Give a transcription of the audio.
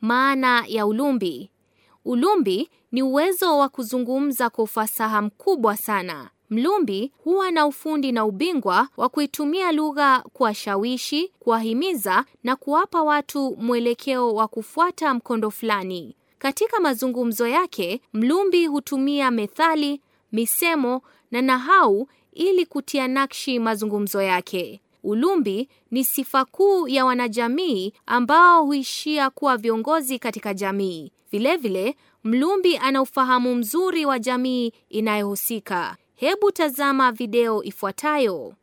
Maana ya ulumbi. Ulumbi ni uwezo wa kuzungumza kwa ufasaha mkubwa sana. Mlumbi huwa na ufundi na ubingwa wa kuitumia lugha kuwashawishi, kuwahimiza na kuwapa watu mwelekeo wa kufuata mkondo fulani. Katika mazungumzo yake, mlumbi hutumia methali, misemo na nahau ili kutia nakshi mazungumzo yake. Ulumbi ni sifa kuu ya wanajamii ambao huishia kuwa viongozi katika jamii. Vilevile, Mlumbi ana ufahamu mzuri wa jamii inayohusika. Hebu tazama video ifuatayo.